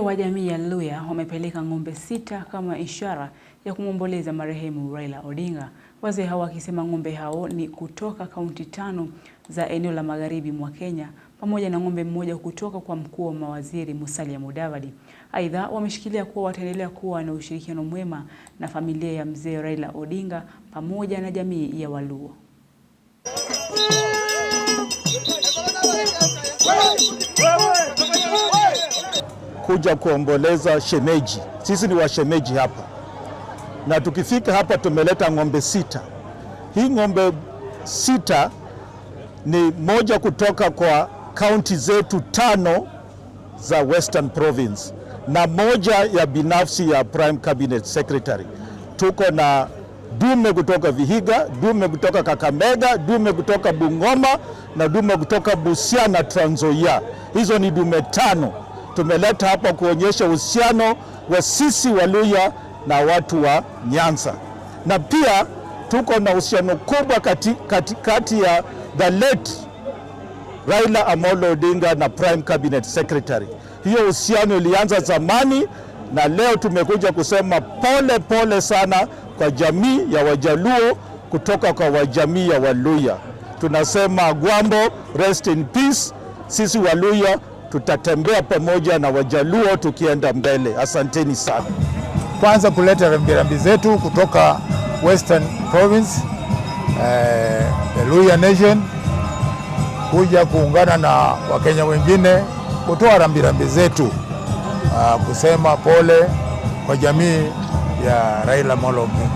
wa jamii ya Luhya wamepeleka ng'ombe sita kama ishara ya kumwomboleza marehemu Raila Odinga. Wazee hao wakisema ng'ombe hao ni kutoka kaunti tano za eneo la magharibi mwa Kenya pamoja na ng'ombe mmoja kutoka kwa mkuu wa mawaziri Musalia Mudavadi. Aidha, wameshikilia kuwa wataendelea kuwa na ushirikiano mwema na familia ya mzee Raila Odinga pamoja na jamii ya Waluo kuja kuomboleza shemeji. Sisi ni washemeji hapa, na tukifika hapa tumeleta ng'ombe sita. Hii ng'ombe sita ni moja kutoka kwa kaunti zetu tano za Western Province na moja ya binafsi ya Prime Cabinet Secretary. Tuko na dume kutoka Vihiga, dume kutoka Kakamega, dume kutoka Bungoma na dume kutoka Busia na Trans Nzoia. Hizo ni dume tano tumeleta hapa kuonyesha uhusiano wa sisi wa luya na watu wa Nyanza, na pia tuko na uhusiano kubwa kati, kati, kati ya the late Raila Amolo Odinga na Prime Cabinet Secretary. Hiyo uhusiano ilianza zamani na leo tumekuja kusema pole pole sana kwa jamii ya Wajaluo kutoka kwa wajamii ya Waluya. Tunasema Gwambo, rest in peace. Sisi Waluya tutatembea pamoja na Wajaluo tukienda mbele. Asanteni sana. Kwanza kuleta rambirambi zetu kutoka Western Province, eh, Luhya Nation kuja kuungana na Wakenya wengine kutoa rambirambi zetu, uh, kusema pole kwa jamii ya Raila Amolo Odinga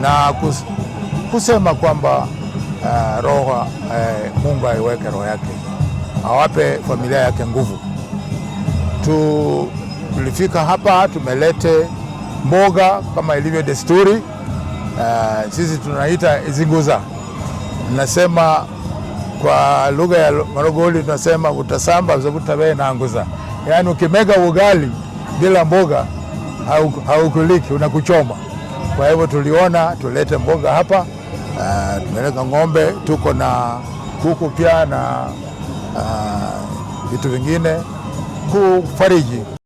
na kus, kusema kwamba uh, roho uh, Mungu aiweke roho yake awape familia yake nguvu. Tulifika hapa tumelete mboga kama ilivyo desturi. Uh, sisi tunaita izinguza, nasema kwa lugha ya Marogoli tunasema utasamba zavutawe na nguza, yaani ukimega ugali bila mboga haukuliki, unakuchoma. Kwa hivyo tuliona tulete mboga hapa. Uh, eh, tumeleka ng'ombe, tuko na kuku pia na Ah, vitu vingine kufariji